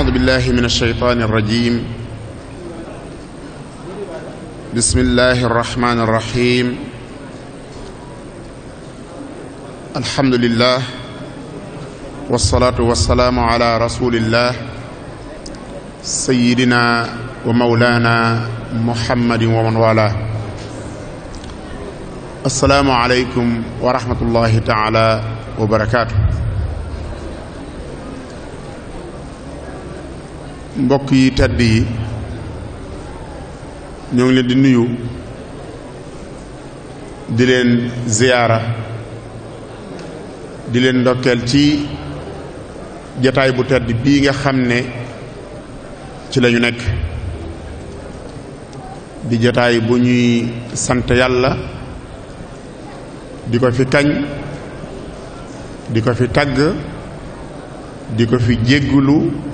أعوذ بالله من الشيطان الرجيم بسم الله الرحمن الرحيم الحمد لله والصلاة والسلام على رسول الله سيدنا ومولانا محمد ومن والاه السلام عليكم ورحمة الله تعالى وبركاته mbokk yi tedd yi ñoo ngi leen di nuyu di leen ziyaara di leen ndokkeel ci jataay bu tedd bii nga xam ne ci lañu nekk di jataay bu ñuy sant yàlla di ko fi kañ di ko fi tagg di ko fi jéggulu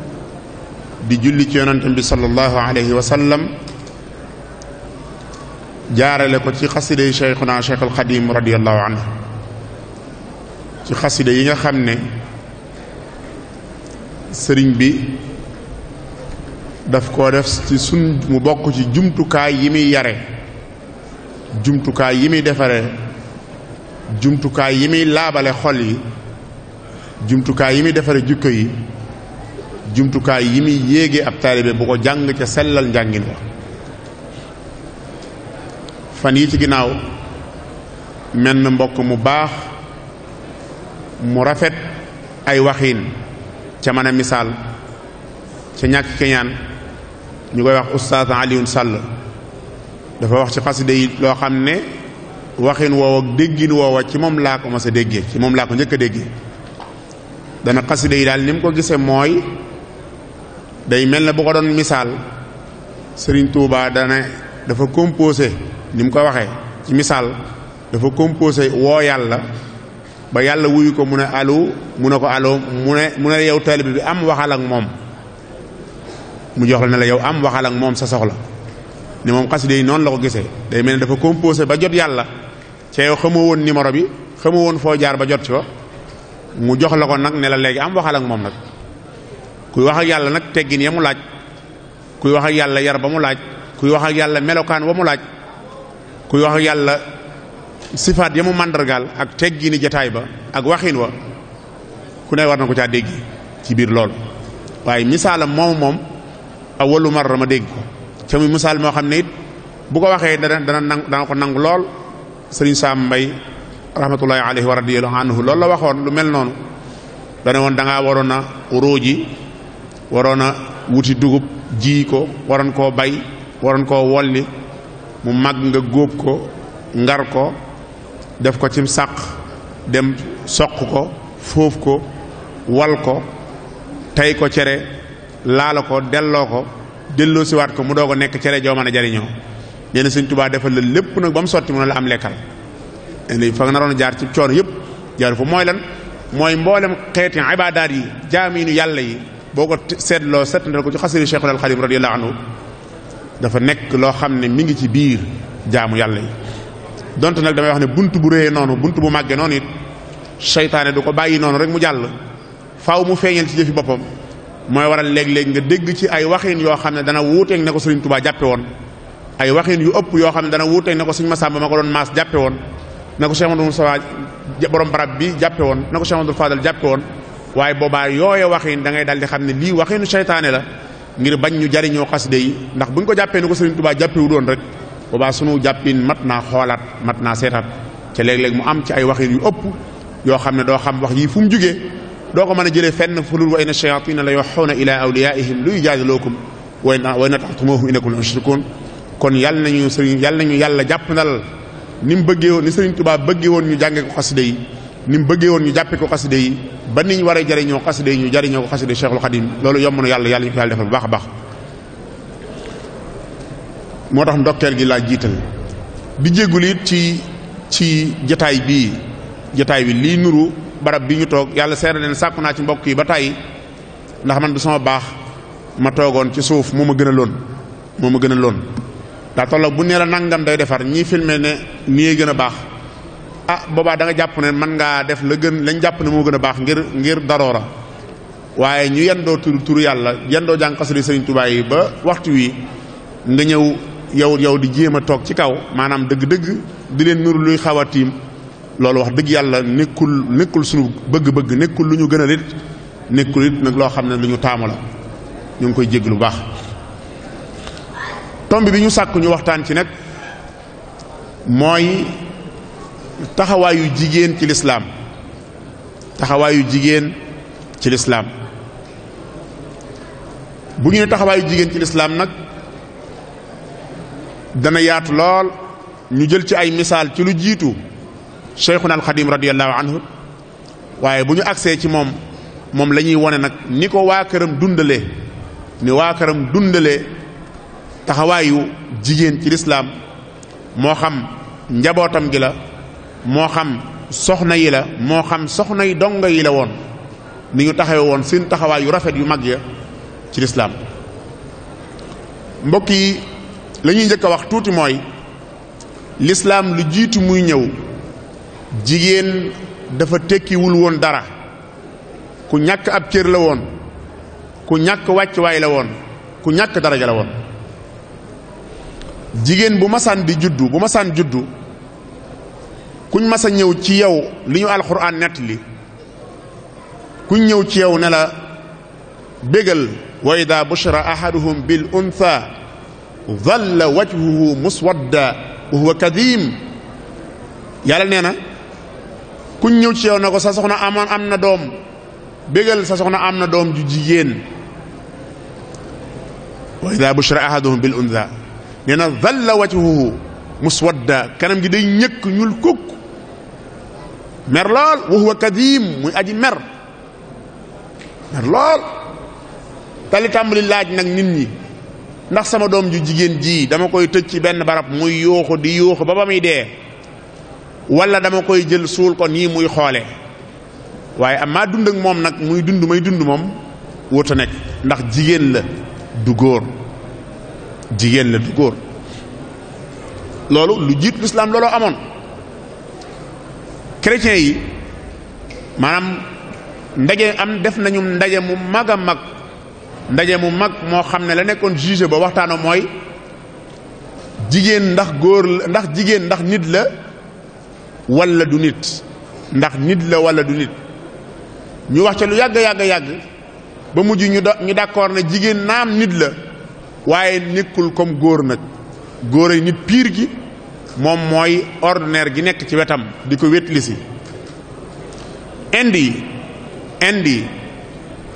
di julli ci yonantam bi sallallahu alayhi wa sallam jaarale ko ci xasida yi cheikhuna cheikh alxadim radiallahu anhu ci xasida yi nga xam ne sëriñ bi daf koo def ci sun mu bokk ci jumtukaay yi muy yare jumtukaay yi muy defare jumtukaay yi muy laabale xol yi jumtukaay yi muy defare jukko yi jumtukaay yi muy yéege ab taalibe bu ko jàng ca sellal njàngin wa fan yi ci ginnaaw menn mbokk mu baax mu rafet ay waxiin ca mën a misaal ca ñàkk keñaan ñu koy wax oustaz Alioune Sall dafa wax ci xaside yi loo xam ne waxin woow ak déggin woowa ci moom laa ko mas a déggee ci moom laa ko njëkk a dana xaside yi daal ni mu ko gisee mooy day mel na bu ko doon misaal sëriñ Touba dane dafa composé ni mu ko waxee ci misaal dafa composé woo yàlla ba yàlla wuyu ko mu ne allo mu ne ko allo mu ne mu ne yow taalibe bi am waxal moom mu jox la ne la yow am waxal moom sa soxla ne moom xasida yi noonu la ko gisee day mel ne dafa composé ba jot yàlla ca yow xamoo woon numéro bi xamoo woon foo jaar ba jot ci mu jox la ko nag ne la léegi am waxal moom nag kuy wax ak yàlla nag teggin ya mu laaj kuy wax ak yàlla yar ba mu laaj kuy wax ak yàlla melokaan wa mu laaj kuy wax yàlla sifaat yamu mu màndargaal ak teggini jataay ba ak waxin wa ku ne war na ko caa dégg ci biir lool waaye misaalam moom moom wallu marra ma dégg ko ca muy misaal moo xam ne it bu ko waxee dana dana nangu dana ko nangu lool sëriñ Saam Mbay rahmatullahi alayhi wa radiyallahu la waxoon lu mel noonu dana woon da waroon a róoji waroon a wuti dugub ji ko waroon koo bay waroon koo wolli mu mag nga góob ko ngar ko def ko cim sàq dem soq ko foof ko wal ko tey ko cere laala ko delloo ko delloo siwaat ko mu doo ko nekk cere joo mën a jariñoo nee na Sëñ Tuubaa defal la lépp nag ba mu sotti mu ne la am lekkal léegi fa nga naroon jaar ci coono yëpp jaar fa mooy lan mooy mboolem xeeti ibaadaat yi jaamiinu yàlla yi boo ko seetloo seetandal ko ci xasiri Cheikhul Xadim radiyallahu anhu dafa nekk loo xam ne mi ngi ci biir jaamu yàlla yi donte nag damay wax ne bunt bu réyee noonu bunt bu màggee noonu it seytaane du ko bàyyi noonu rek mu jàll faaw mu feeñal ci jëfi boppam mooy waral léeg-léeg nga dégg ci ay waxin yoo xam ne dana wuuteeg ne ko Sëriñ Tuubaa jàppe woon ay waxin yu ëpp yoo xam ne dana wuuteeg ne ko Sëriñ Masamba ma ko doon maas jàppe woon na ko Cheikh Amadou Moussa borom barab bi jàppe woon na ko Cheikh Amadou waaye boobaa yooya waxin da ngay daal di xam ne lii waxinu seytaane la ngir bañ ñu jariñoo xasida yi ndax bu ñu ko jàppee ni ko Sëriñ Tuubaa jàppewu doon rek boobaa sunu jàppin mat naa xoolaat mat naa seetaat ca léeg-léeg mu am ci ay waxin yu ëpp yoo xam ne doo xam wax yii fu mu jugee doo ko mën a jëlee fenn fu lul wa inna shayatina la yuxuuna ila awliyaihim luy jaadilookum way na taxtumuhum innakum la mushrikun kon yàlla nañu sëriñ yàlla nañu yàlla jàpp ndal ni mu bëggee woon ni Sëriñ Tuubaa bëggee woon ñu jàngee ko xasida yi ni mu bëggee woon ñu jàppe ko xaside yi ba niñ war a jariñoo xaside yi ñu jariñoo ko xaside Cheikhul Xadim loolu yomb na yàlla yàlla ñu ko yàlla defal bu baax a baax moo tax ndokkeel gi laa jiital di jéggul it ci ci jataay bii jataay bi lii nuru barab bi ñu toog yàlla seera leen sàkku naa ci mbokk yi ba tàyyi ndax man du sama baax ma toogoon ci suuf moo ma gën a loon moo ma gën a loon daa tolloog bu nee la nangam day defar ñii filmé ne nii gën a baax a ah, boobaa da jàpp ne man ngaa def la gën lañ jàpp ne moo gën a baax ngir ngir daroora waaye ñu yendoo tur turu yàlla yendoo jàng xasida sëriñ tubaay ba waxtu wi nga ñëw yow yow di jéem a toog ci kaw maanaam dëgg-dëgg di leen nuru luy xaw a tiim loolu wax dëgg yàlla nekkul nekkul suñu bëgg-bëgg nekkul lu ñu gën a lit nekkul it nag loo xam ne lu ñu taamu la ñu ngi koy jégg lu baax tomb bi ñu sàkk ñu waxtaan ci nag mooy taxawaayu jigéen ci lislaam taxawaayu jigéen ci lislaam bu ñu ne taxawaayu jigéen ci lislaam nag dana yaatu lool ñu jël ci ay misaal ci lu jiitu Cheikhuna Alxadim radiyallahu anhu waaye bu ñu agsee ci moom moom lañuy ñuy wone nag ni ko waa këram dundalee ni waa këram dundalee taxawaayu jigéen ci lislaam moo xam njabootam gi la moo xam soxna yi la moo xam soxna yi dongo yi la woon ni ñu taxawe woon seen taxawaay yu rafet yu mag ya ci lislaam mbokk yi lañuy ñuy njëkk a wax tuuti mooy lislaam lu jiitu muy ñëw jigéen dafa tekkiwul woon dara ku ñàkk ab cër la woon ku ñàkk wàccuwaay la woon ku ñàkk daraja la woon jigéen bu masaan di juddu bu masaan juddu kuñ mas a ñëw ci yow li ñu alxuraan nett li kuñ ñëw ci yow ne la bégal wa ida bushira ahaduhum bil untha dhalla wajhuhu muswadda wa huwa kadim yàlla nee na kuñ ñëw ci yow ne ko sa soxna amoon am na doom bégal sa soxna am na doom ju jigéen wa ida bushira ahaduhum bil untha nee na dhalla wajhuhu muswadda kanam gi day ñëkk ñuul kukk mer lool wa huwa kadim muy aji mer mer lool te tàmbali laaj nag nit ñi ndax sama doom ju jigéen ji dama koy tëj ci benn barab muy yooxu di yooxu ba ba muy dee walla dama koy jël suul ko nii muy xoole waaye amaa dund moom nag muy dund may dund moom wóota nekk ndax jigéen la du góor jigéen la du góor loolu lu jiit lislaam looloo amoon chrétiens yi maanaam ndaje am def nañu ndaje mu mag a mag ndaje mu mag moo xam ne la nekkoon jugé ba waxtaanoo mooy jigéen ndax góor ndax jigéen ndax nit la walla du nit ndax nit la walla du nit ñu wax ca lu yàgg yàgg yàgg ba mujj ñu ñu d'accord ne jigéen naam nit la waaye nekkul comme góor nag góor ay nit piir gi moom mooy ordinaire gi nekk ci wetam di ko wétli si indi indi yi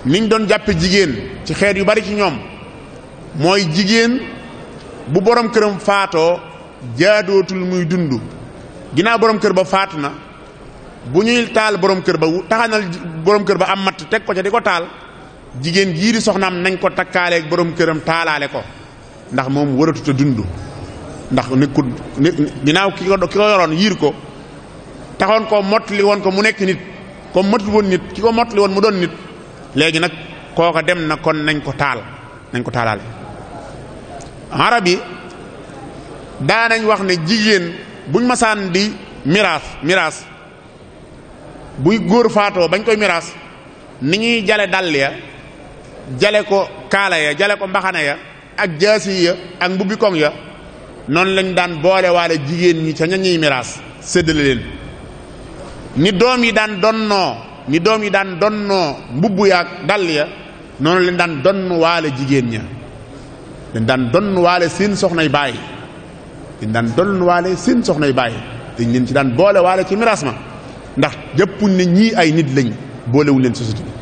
niñ doon jàppe jigéen ci xeet yu bari ci ñoom mooy jigéen bu borom këram faatoo jaadootul muy dund ginnaaw borom kër ba faatu na bu ñuy taal borom kër ba taxanal borom kër ba am matt teg ko ca di ko taal jigéen jii di soxnaam nañ ko takkaaleeg borom këram taalaale ko ndax moom waratu te dund ndax nekkul ginnaaw ki ko ki ko yoroon yiir ko taxoon ko mottali woon ko mu nekk nit ko mottali woon nit ki ko mottali woon mu doon nit léegi nag kooka dem na kon nañ ko taal nañ ko taalaale arab yi daanañ wax ne jigéen buñ masaan di miraas miraas buy góor faatoo bañ koy miraas ni ñuy jale dàll ya jale ko kaala ya jale ko mbaxana ya ak jaasi ya ak mbubbi koŋ ya noonu lañu daan boole waale jigéen ñi ca ñañuy ñuy miraas séddale leen ni doom yi daan donnoo ni doom yi daan donnoo mbubb yaag dàll ya noonu lañ daan donn waale jigéen ña dañ daan donn waale seen soxnay baay dañ daan donn waale seen soxnay baay dañ leen ci daan boole waale ci miraas ma ndax jëppuñ ne ñii ay nit lañ boolewuñ leen société bi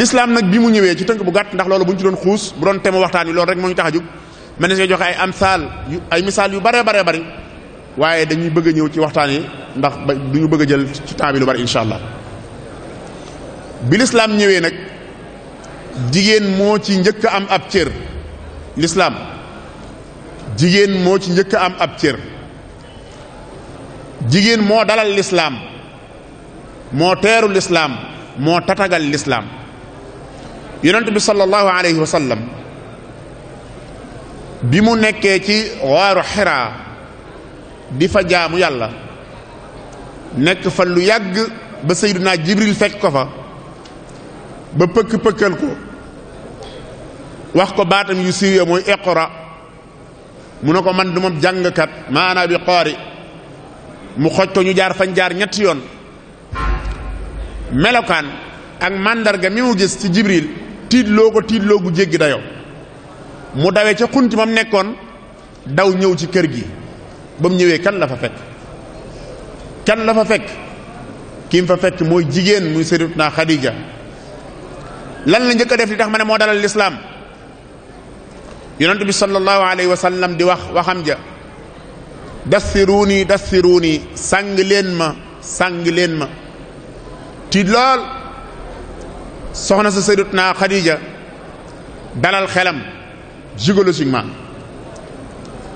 l'islam nag bi mu ñëwee ci tënk bu gàtt ndax loolu bu ñu ci doon xuus bu doon loolu rek moo ñu tax a mën nañu joxe ay amsaal yu ay misaal yu bare bare bari waaye dañuy bëgg ñëw ci waxtaan yi ndax ba du bëgg a jël ci temps bi lu bari insha allah bi lislaam ñëwee nag jigéen moo ci njëkk am ab cër lislaam jigéen moo ci njëkk am ab cër jigéen moo dalal lislaam moo teeru lislaam moo tatagal lislaam yonent bi sallallahu alayhi wa bi mu nekkee ci waaru xiraa di fa jaamu yàlla nekk fa lu yàgg ba naa jibril fekk ko fa ba pëkk pëkkal ko wax ko baatam yu siiw mooy iqra mu ne ko man du ma jàngkat maanaa mu xoj ko ñu jaar fañ jaar ñetti yoon melokaan ak màndarga mi mu gis ci jibril tiitloo ko tiitloo gu jéggi dayo mu dawee ca xunti mam nekkoon daw ñëw ci kër gi ba mu ñëwee kan la fa fekk kan la fa fekk kii mu fa fekk mooy jigéen muy sayyidatuna Xadija lan la njëkk a def li tax ma ne moo dalal lislaam yonent bi sallallahu alayhi wa sallam di wax waxam ja dassiruuni dassiruuni sàng leen ma sàng leen ma ti lool soxna sa sayyidatuna Xadija dalal xelam psychologiquement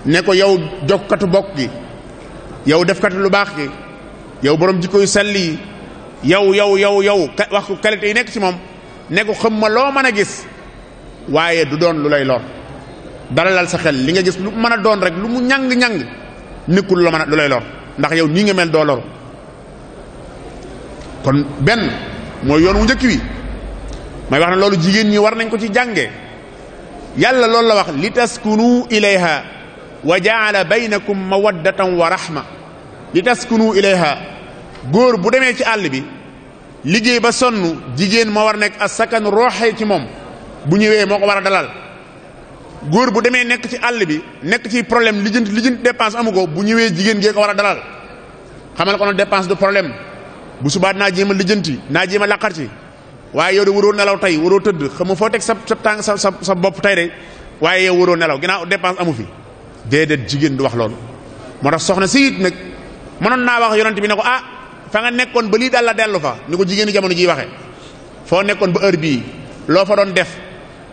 ne ko yow jokkatu bokk gi yow defkatu lu baax gi yow borom jikko yu sell yi yow yow yow yow wax ko qualité yi nekk ci moom ne ko xam ma loo mën a gis waaye du doon lu lay lor dalalal sa xel li nga gis lu mën a doon rek lu mu ñang-ñang nekkul lu mën a lay lor ndax yow nii nga mel doo lor kon benn mooy yoon wu njëkk wi may wax ne loolu jigéen ñi war nañ ko ci jàngee yàlla loolu la wax li taskunu ilayha wa jaala baynakum mawaddatan wa rahma li taskunu ilayha góor bu demee ci àll bi liggéey ba sonn jigéen moo war nekk asakanu rooxee ci moom bu ñëwee moo ko war a dalal góor bu demee nekk ci àll bi nekk ci problème lijjanti lijjanti dépense amu ko bu ñëwee jigéen gee ko war a dalal xamal ko na dépense du problème bu subaa naa jéem a lijjanti naa jéem a laqarti waaye yow de waroo nelaw tey waroo tëdd xam nga foo teg sa sa tàng sa sa bopp tey de waaye yow waroo nelaw ginnaaw dépense amu fi déedéet jigéen du wax loolu. moo tax soxna si it nag mënoon naa wax yonent bi ne ko ah fa nga nekkoon ba lii daal la dellu fa ni ko jigéenu jamono ji waxee foo nekkoon ba heure bii loo fa doon def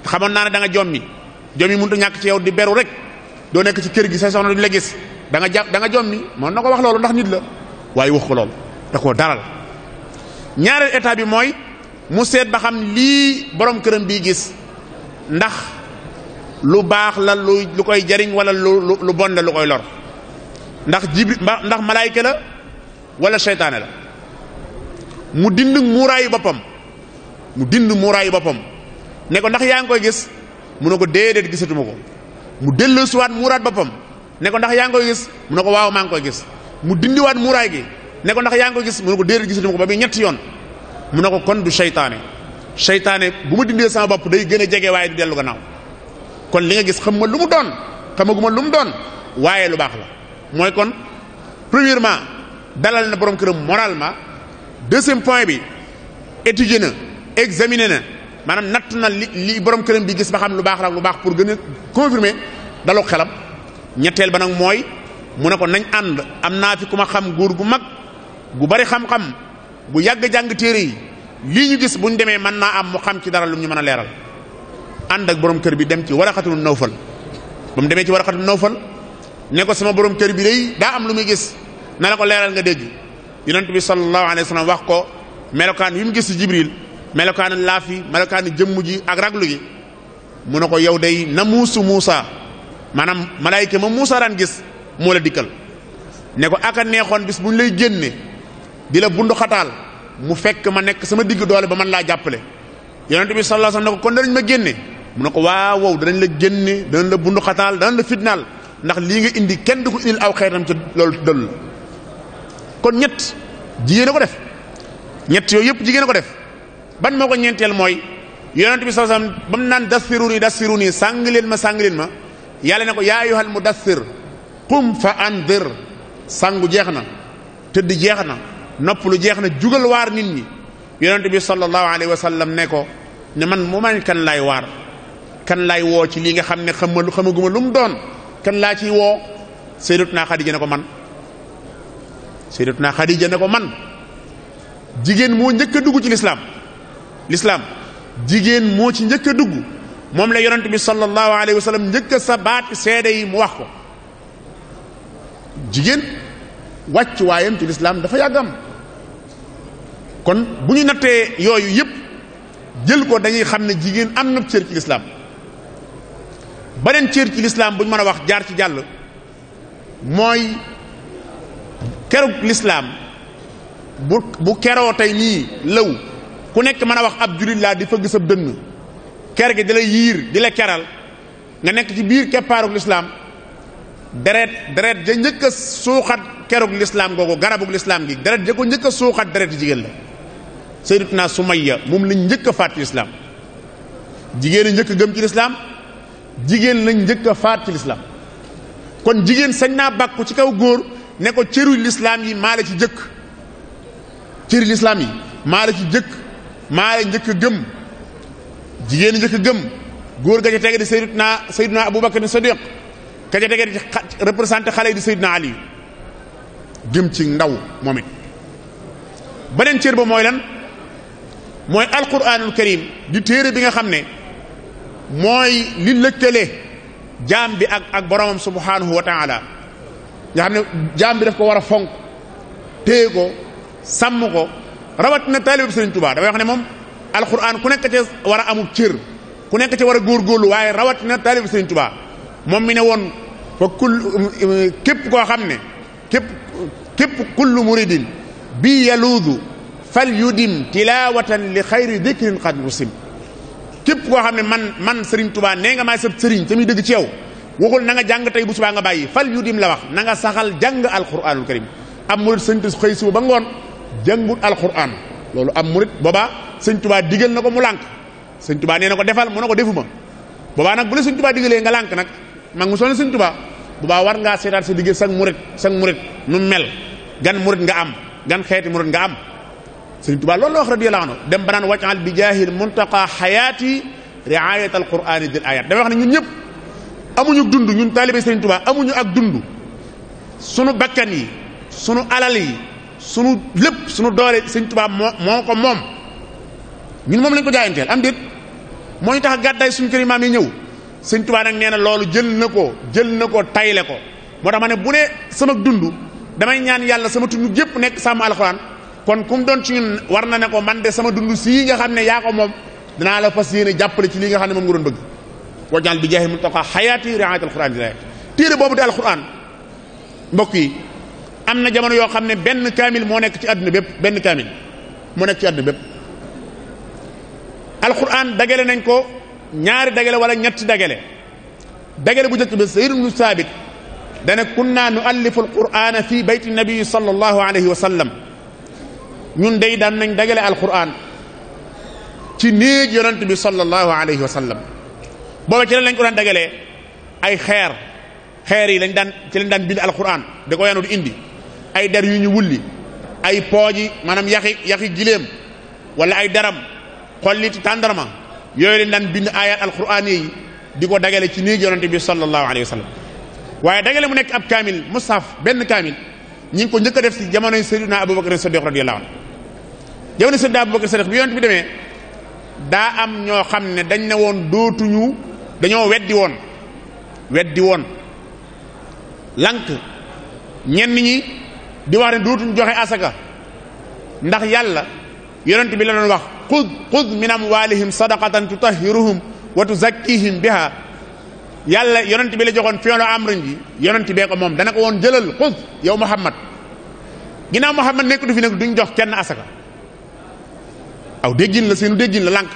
xamoon naa ne da nga jommi jommi mënut a ñàkk ci yow di beru rek doo nekk ci kër gi say soxna duñ la gis da nga jàpp da nga jommi mën na ko wax loolu ndax nit la waaye wax ko loolu da koo daral ñaareel état bi mooy. mu seet ba xam lii borom këram bii gis ndax lu baax la lu lu koy jariñ wala lu lu bon la lu koy lor ndax jibri ndax malaayka la wala seytaane la mu dind muuraayu boppam mu dind muuraayu boppam ne ko ndax yaa ngi koy gis mu ne ko déedéet gisatuma ko mu dellu suwaat muuraat boppam ne ko ndax yaa ngi koy gis mu ne ko waaw maa ngi koy gis mu dindiwaat muuraay gi ne ko ndax yaa ngi koy gis mu ne ko déedéet gisatuma ko ba muy ñetti yoon mu ne ko kon du seytaane seytaane bu ma dindee sama bopp day gën a jege waaye du dellu gannaaw kon li nga gis xam ma lu mu doon xamaguma lu mu doon waaye lu baax la mooy kon premièrement dalal na borom këram moralement deuxième point bi étudier na examiner na maanaam natt na li li borom këram bi gis ba xam lu baax la lu baax pour gën a confirmer daloo xelam ñetteel ba nag mooy mu ne ko nañ ànd am naa fi ku ma xam góor gu mag gu bari xam-xam. bu yàgg jàng téere yi lii ñu gis bu demee man naa am mu xam ci dara lu ñu mën a leeral ànd ak borom kër bi dem ci waraqatul nawfal ba mu demee ci waraqatul nawfal ne ko sama borom kër bi day daa am lu muy gis na la ko leeral nga dégg yonent bi sallallahu alayhi wa sallam wax ko melokaan yu mu gis ci jibril melokaan laafi melokaan jëmm ji ak raglu gi mu ne ko yow day na muusu muusa maanaam malaayika ma muusa daan gis moo la dikkal ne ko aka neexoon bis bu lay génne di la bundu mu fekk ma nekk sama digg doole ba man laa jàppale yonente bi sallallahu alayhi ne ko kon danañ ma génne mu ne ko waaw wow danañ la génne danañ la bundu xataal danañ la fitnaal ndax lii nga indi kenn du ko indil aw xeetam ca loolu dëll kon ñett jigéen ko def ñett yooyu yëpp jigéen a ko def ban moo ko ñeenteel mooy yonente bi sallallahu alayhi wasallam ba mu naan dasfiruni dasfiruni sàng leen ma sàng leen ma yàlla ne ko yaa ayyuhal mudassir qum fa andir sàngu jeex na tëdd jeex na nopp lu jeex na jugal waar nit ñi yonent bi sallallahu alayhi wa sallam ne ko ne man mu man kan laay waar kan laay woo ci lii nga xam ne xama xamaguma lu mu doon kan laa ci woo sayyidatuna Xadija ne ko man sayyidatuna Xadija ne ko man jigéen moo njëkk dugg ci lislaam lislaam jigéen moo ci njëkk a dugg moom la yonent bi sallallahu alayhi wa sallam njëkk a sa baat seede yi mu wax ko jigéen wàcc waayam ci lislaam dafa yàggam kon bu ñu nattee yooyu yëpp jël ko dañuy xam ne jigéen am na cër ci lislaam beneen cër ci lislaam bu ñu mën a wax jaar ci jàll mooy kerug lislaam bu bu keroo tey nii lëw ku nekk mën a wax ab jullit laa di fëgg sa dënn ker gi di la yiir di la keral nga nekk ci biir keppaarug lislaam deret deret ja njëkk a suuxat kerug lislaam googu garabug lislaam gi deret ja ko njëkk a suuxat deret jigéen la sayyidatuna Sumayya moom lañ njëkk a faat ci lislaam jigéen njëkk gëm ci lislaam jigéen lañ njëkk a faat ci lislaam kon jigéen sañ naa bàkku ci kaw góor ne ko cëru lislaam yi maa la ci jëkk cëru lislaam maa la ci jëkk maa njëkk a gëm jigéen a njëkk a góor ga ca tege di sayyidatuna sayyiduna Abubakar Siddiq ka ca tege di représenté xale yi di sayyiduna Ali jëm ci ndaw moom it beneen cër ba mooy lan mooy alquranul karim di téere bi nga xam ne mooy li lëkkale jaam bi ak ak boromam subhanahu wa taala nga xam ne jaam bi daf ko war a fonk téye ko sàmm na rawatina taalibe bi Sëriñ Tuubaa damay wax ne moom alquran ku nekk ca war a amul cër ku nekk ca war a góorgóorlu waaye rawatina taalibe bi Sëriñ moom mi ne woon fa kul képp koo xam ne képp képp kullu muridin bi yaluudu fal yudim tilawatan li xayri dikrin qad yusim képp koo xam ne man man Serigne Touba nee nga maay sab Serigne te muy dëgg ci yow waxul na nga jàng tey bu subaa nga bàyyi fal yudim la wax na nga saxal jàng alquranul karim am murit sëñ su xëy suba ba ngoon jàngut alquran loolu am murit boobaa sëñ Touba digal na ko mu lànk sëñ Touba nee na ko defal mu ne ko defuma boobaa nag bu la sëñ Touba digalee nga lànk nag maa ngi sonal sëñ Touba boobaa war ngaa seetaat sa digge sang murit sang murit nu mel gan murit nga am gan xeeti murit nga am sëriñ Tuubaa loolu la wax radiyallahu anhu dem ba naan wajal bi jaahil muntaqa xayaati riayat al qurani dil ayat dafa wax ne ñun ñëpp amuñu dund ñun taalibe amuñu ak dund sunu bakkan yi sunu alal yi sunu lépp sunu doole sëñ Tuubaa moo moo ko moom ñun moom lañ ko jaayanteel am déet moo ñu tax gàddaay suñu kër maam yi ñëw sëriñ Tuubaa nag nee na loolu jël na ko jël na ko tayle ko moo tax ma ne bu ne sama dund damay ñaan yàlla sama tund yëpp nekk sàmm alxuraan kon ku mu doon ci ñun war na ne ko man de sama dund sii nga xam ne yaa moom dinaa la fas yéene jàppale ci lii nga xam ne moom nga doon bëgg wajal bi jaahi mu taqa xayaati riayat alquran di téere boobu di alquran mbokk yi am na jamono yoo xam ne benn kaamil moo nekk ci àdduna bépp benn kaamil moo nekk ci àdduna bépp alquran nañ ko ñaari dagale wala ñetti dagale dagale bu njëkk bi Zayd ibn Saabit dane kunna nuallifu alqurana fi bayti nabii sallallahu alayhi wa sallam ñun dey daan nañ dagale alquran ci néeg yonent bi sallallahu alayhi wa sallam booba ci lan lañ ko daan dagalee ay xeer xeer yi lañ daan ci lañ daan bind alquran da ko yaanu di indi ay der yu ñu wulli ay pooji maanaam yaxi yaxi giléem wala ay daram xolliti tàndarma yooyu lañ daan bind ayat alquran yi di ko dagale ci néeg yonent bi sallallahu alayhi wa sallam waaye dagale mu nekk ab kaamil mushaf benn kaamil ñi ngi ko njëkk a def si jamonoy Seydina Abubakar Siddiq radiyallahu anhu jamono Seydina Abubakar Sadiq bi yonent bi demee daa am ñoo xam ne dañ ne woon dootuñu dañoo weddi woon weddi woon lank ñenn ñi di wax ne dootuñu joxe asaka ndax yàlla yonent bi la doon wax xud xud min amwalihim sadaqatan tutahhiruhum wa tuzakkihim biha yàlla yonent bi la joxoon am amrin ji yonent bee ko moom dana ko woon jëlal xud yow Muhammad ginnaaw Muhammad nekk du fi nekk duñ jox kenn asaka aw déggin la seenu déggin la lànk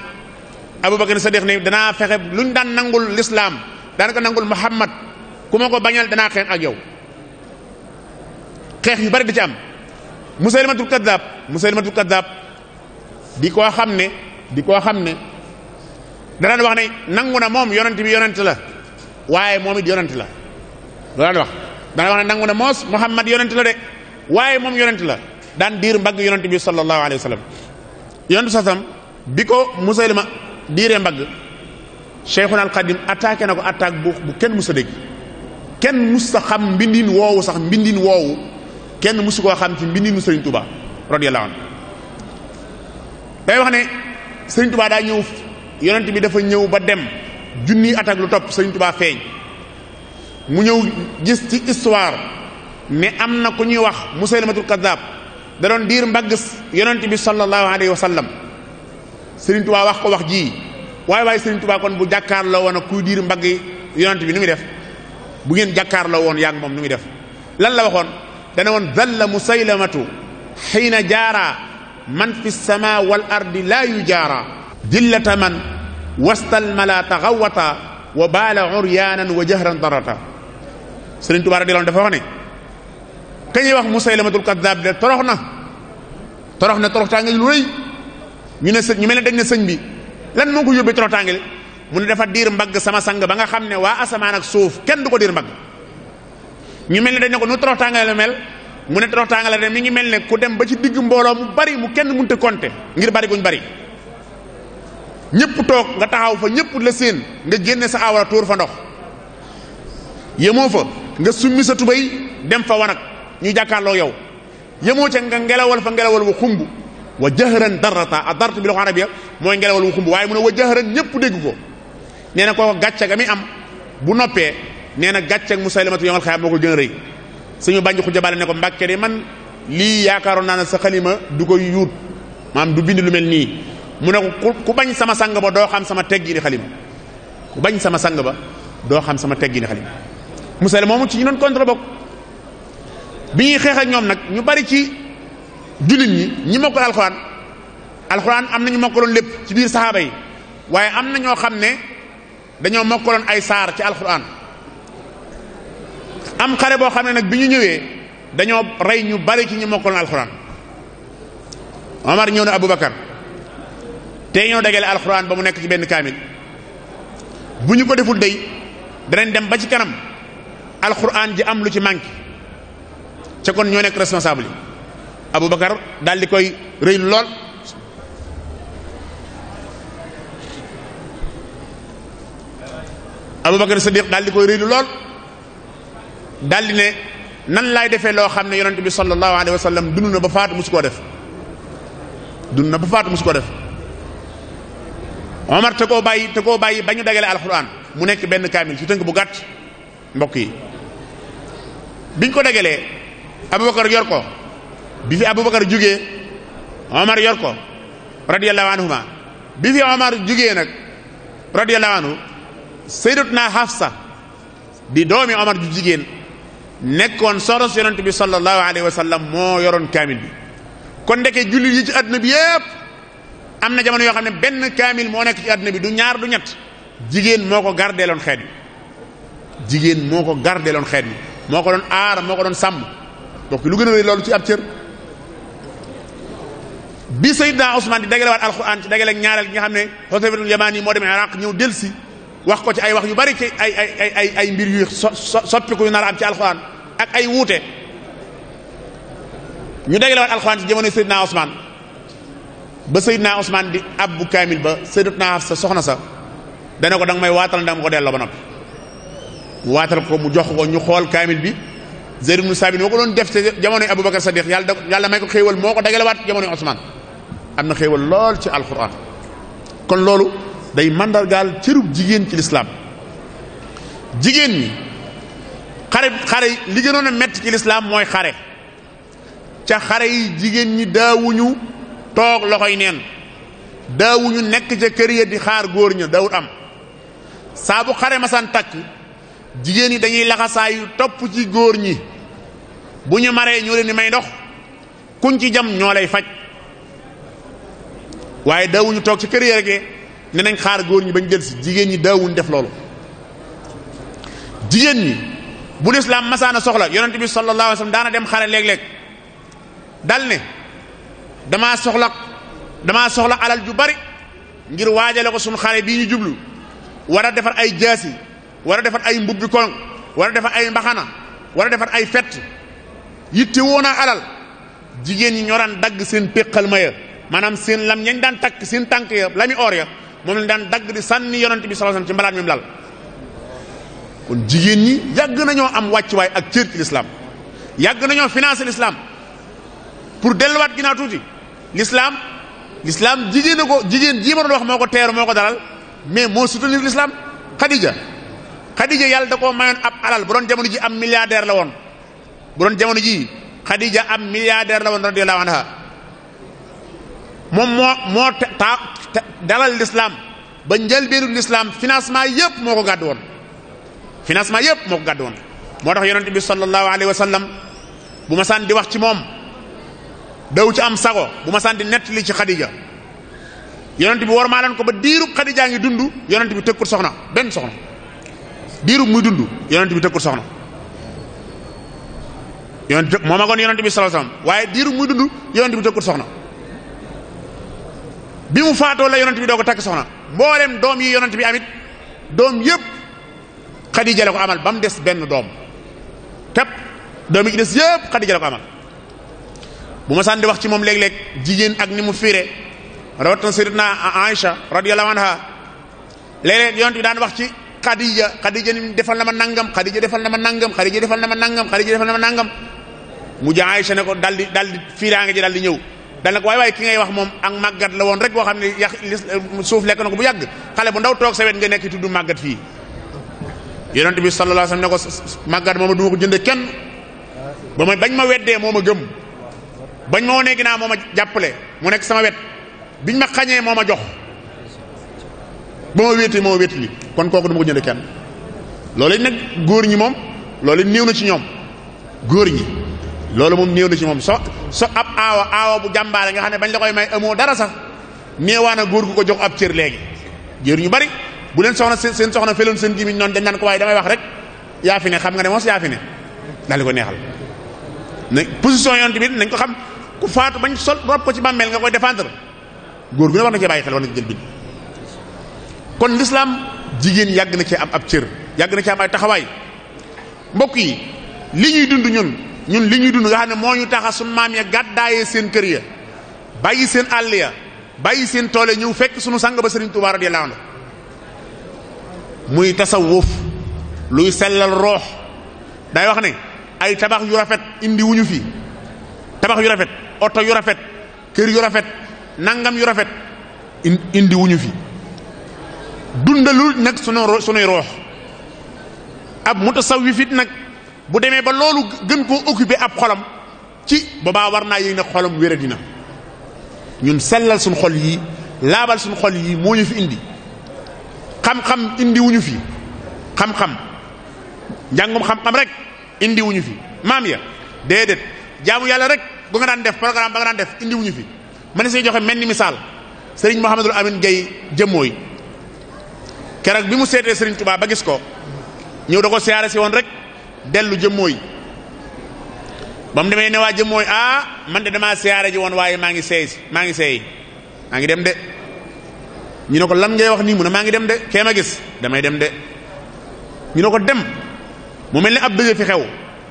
abubakar sadiq ne danaa fexe lu ñu daan nangul lislaam daanaka nangul muhammad ku ma ko bañal danaa xeex ak yow xeex yu bari di ci am musaylimatul kaddaab musaylimatul kaddaab di koo xam ne di koo xam ne danaan wax ne nangu na moom yonent bi yonent la waaye moom it yonent la loolu daan wax daan wax ne nangu na moos muhammad yonent la de waaye moom yonent la daan diir mbagg yonent bi sallallahu alayhi wa yontu sasam bi ko musaylima diiree mbagg cheikhuna alxadim attaqué na ko attaque bu bu kenn musa dégg kenn mus sa xam mbindin woowu sax mbindin woowu kenn musu koo xam ci mbindinu sëriñ Touba radiyallahu anhu day wax ne sëriñ Touba daa ñëw yonent bi dafa ñëw ba dem junni at ak lu topp sëriñ Touba feeñ mu ñëw gis ci histoire ne am na ku ñuy wax Musaylimatul Kazzab da doon diir mbagg yonent bi sallallahu alayhi wa sallam Serigne wax ko wax ji waaye waay Serigne Touba kon bu jàkkaarloo woon ak kuy diir mbagg yonent bi nu muy def bu ngeen jàkkaarloo woon yaa moom nu muy def lan la waxoon dana woon dalla musaylamatu xiina jaara man fi sama wal ardi yu jaara dillata man wastal mala taxawata wa baala uryaanan wa jahran darata Serigne Touba radiallahu dafa wax ka ñuy wax Musaylamatul Kaddaab de torox na torox na torox tàngeel lu rëy ñu ne sëñ ñu mel ne dañ ne sëñ bi lan moo ko yóbbee torox tàngeel mu ne dafa diir mbagg sama sang ba nga xam ne waa asamaan ak suuf kenn du ko diir mbagg ñu mel ne dañ ne ko nu la mel mu ne torox tàngeel la mi ngi mel ne ku dem ba ci digg mbooloo mu bari mu kenn mënut a ngir bari guñ bari ñëpp toog nga taxaw fa ñëpp la séen nga génne sa awra tuur fa ndox yemoo fa nga summi sa tubéy dem fa wanag ñu jàkkaarloo yow yemoo ca nga ngelawal fa ngelawal wa xumb wa jëhëran darrata a dart bi la ko mooy ngelawal wa xumb waaye mu ne wa jëhëran ñëpp dégg ko nee na kooku gàcce ga mi am bu noppee nee na gàcce ak musaylamatu yawmal xiyaam moo ko gën a suñu bànj xuja bale ne ko mbàkke man lii yaakaaroon naa ne sa xalima du koy yuut du bind lu mel nii mu ne ko ku bañ sama sang ba doo xam sama teggi ni xalima ku bañ sama sang ba doo xam sama teggi ni xalima musaylama moomu ci ñu doon contre bokk bi ñuy xeex ñoom nag ñu bari ci jullit ñi ñi mokkal alxuraan alxuraan am na ñu mokkaloon lépp ci biir saxaaba yi waaye am na ñoo xam ne dañoo mokkoon ay saar ci alxuraan am xare boo xam ne nag bi ñu ñëwee dañoo rey ñu bari ci ñi mokkaloon alxuraan Omar ñëw na Aboubacar te ñoo dagale alxuraan ba mu nekk ci benn kaamil bu ñu ko deful da danañ dem ba ci kanam alxuraan ji am lu ci manqué. ce kon ñoo nekk responsable yi Aboubacar daal di koy rëy lool Aboubacar Siddiq daal di koy rëy lool daal di ne nan laay defee loo xam ne yonent bi sallallahu alayhi wa sallam dund na ba faatu musu koo def dund na ba faatu musu koo def Omar te koo bàyyi te koo bàyyi ba ñu dagale alxuraan mu nekk benn kaamil ci tënk bu gàtt mbokk yi biñ ko dagalee. Aboubacar yor ko bi fi Aboubacar jugee Omar yor ko radiyallahu anhuma bi fi Omar jugee nag radiyallahu anhu sayyidatuna Hafsa di doomi Omar ju jigéen nekkoon soxna si yonent bi sallallahu alayhi wa sallam moo yoroon kaamil bi kon ndeke jullit yi ci àdduna bi am na jamono yoo xam ne benn kaamil moo nekk ci àdduna bi du ñaar du ñett jigéen moo ko gardeeloon xeet wi jigéen moo ko gardeeloon xeet wi moo ko doon aar moo ko doon sàmm donc lu gën a rëy loolu ci ab cër bi Seydina Ousmane di dagalewaat alxuraan ci dagaleeg ñaareel gi nga xam ne Xusayfatul Yamaani moo demee Iraq ñëw delsi wax ko ci ay wax yu bari ay ay ay ay mbir yu so soppi ko yu nar am ci alxuraan ak ay wuute ñu dagalewaat alxuraan ci jamono Seydina Ousmane ba Seydina Ousmane di abbu kaamil ba Seydatuna sa soxna sa dana ko danga may waatal ndam ko delloo ba noppi waatal ko mu jox ko ñu xool kaamil bi. Zayd ibnu Saabit moo ko doon def te jamonoy Aboubacar Sadiq yàlla da yàlla may ko xéewal moo ko dagalewaat jamonoy Ousmane am na xéewal lool ci alquran kon loolu day mandargaal cërub jigéen ci lislaam jigéen ñi xare xare li gënoon a metti ci lislaam mooy xare ca xare yi jigéen ñi daawuñu toog loxoy neen daawuñu nekk ca kër ya di xaar góor ña daawut am saa xare masaan takk jigéen ñi dañuy laxasaayu topp ci góor ñi bu ñu maree ñoo leen may ndox kuñ ci jam ñoo lay faj waaye daawuñu toog ci kër yi rek ne xaar góor ñi bañ jël si jigéen ñi daawuñu def loolu jigéen ñi bu islaam masaana soxla yonent bi sallallahu alayhi wasallam daana dem xare léeg-léeg dal ne damaa soxla damaa soxla alal ju bari ngir waajale ko suñu xare bii ñu jublu war a defar ay jaasi war a defar ay mbubbi koŋ war a defar ay mbaxana war a defar ay fett yitte woon a alal jigéen ñi ñoo daan dagg seen péqal ma ya maanaam seen lam ñañ daan takk seen tànk ya lami or ya moom lañ daan dagg di sànni yonent bi sallallahu alayhi wasallam ci mbalaat mi mu lal kon jigéen ñi yàgg nañoo am wàccuwaay ak cër ci yàgg nañoo financer l'islam pour delluwaat ginnaaw tuuti l'islam l'islam jigéen a ko jigéen jii ma doon wax moo ko teeru moo ko dalal mais moo soutenir l'islam Khadija Khadija yàlla da koo mayoon ab alal bu doon jamono ji am milliardaire la woon bu doon jamono jii Khadija am milliardaire la woon radiyallahu anha moom moo moo ta dalal l'islam ba njëlbeenu l'islam financement yëpp moo ko gàddu woon financement yëpp moo ko gàddu woon moo tax yonent bi sallallahu alayhi wa sallam bu ma saan di wax ci moom daw ci am sago bu ma saan di nettali ci Khadija yonent bi war maa leen ko ba diirub Khadija ngi dund yonent bi tëkkul soxna benn soxna diirub muy dund yonent bi tëkkul soxna yonent tëkk moo magoon yonent bi sallallahu alayhi wasallam waaye diiru muy dund yonent bi tëkkut soxna bi mu faatoo la yonent bi doo ko takk soxna mboolem doom yi yonent bi amit doom yëpp Xadija la ko amal ba mu des benn doom képp doom yi ci des yëpp Xadija la ko amal bu ma sànni di wax ci moom léeg-léeg jigéen ak ni mu fiire rawatina sayyidatuna Aïcha radiyallahu anha léeg-léeg yonent bi daan wax ci Xadija Xadija defal na ma nangam Xadija defal na ma nangam Xadija defal na ma nangam Xadija defal na ma nangam mu ja Aysa ne ko dal di dal di fiiraange ji dal di ñëw dal na ko waay waay ki ngay wax moom ak màggat la woon rek boo xam ne euh, suuf lekk na ko bu yàgg xale bu ndaw toog sa wet nga nekk tudd màggat fii yonent bi sallallahu alayhi wasallam ne ko màggat mooma du ma ko jënd kenn ba ma bañ ma weddee moo ma gëm bañ ma wonee ginnaaw moom a jàppale mu nekk sama wet biñ ma xañee moo ma jox ba ma moo ma wéet li kon kooku du ma ko jënd kenn loolu nag góor ñi moom loolu néew na ci ñoom góor ñi loolu moom néew na ci moom so so ab aawa aawa bu jàmbaare nga xam ne bañ la koy may amoo dara sax néewaa na góor gu ko jox ab cër léegi jër ñu bari bu leen soxna seen soxna feloon seen jimiñ noonu dañ naan ko waaye damay rek yaa fi ne xam nga ne moos yaa fi ne daal ko neexal na position yoon tamit nañ ko xam ku faatu bañ sol rob ko ci bàmmeel nga koy défendre góor gu ne war na cee bàyyi xel war na ci jël bind kon l'islam jigéen yàgg na cee am ab cër yàgg na ci am ay taxawaay mbokk yi li ñuy dund ñun ñun li ñuy dund nga xam ne moo ñu taxa suñ maam ya gàddaayee seen kër ya bàyyi seen àll ya bàyyi seen tool ya ñëw fekk suñu sàng ba sëriñ Tuubaa radiyallaahu anhu muy tasawuf luy sellal roox day wax ne ay tabax yu rafet indiwuñu fi tabax yu rafet oto yu rafet kër yu rafet nangam yu rafet indi wuñu fi dundalul nag sunu sunuy roox ab mutasawwif it nag bu demee ba loolu gën koo occupé ab xolam ci boobaa war naa yëg ne xolam wéradi na ñun sellal suñ xol yi laabal suñ xol yi moo ñu fi indi xam-xam indi wuñu fi xam-xam njàngum xam-xam rek indi wuñu fi maam ya déedéet jaamu yàlla rek bu nga def programme ba nga daan def indi fi ma ne see mel ni misaal sëriñ Mouhamadul Amine Gueye jëmmooy keroog bi mu seetee sëriñ Touba ba gis ko ñëw da ko siyaare si woon rek dellu jëmmooy ba mu demee ne waa jëmmooy ah man de damaa siyaare ji woon waaye maa ngi seey maa ngi seey maa ngi dem de ñu ne ko lan ngay wax nii mu ne maa ngi dem de kee ma gis damay dem de ñu ne ko dem mu mel ni ab dëje fi xew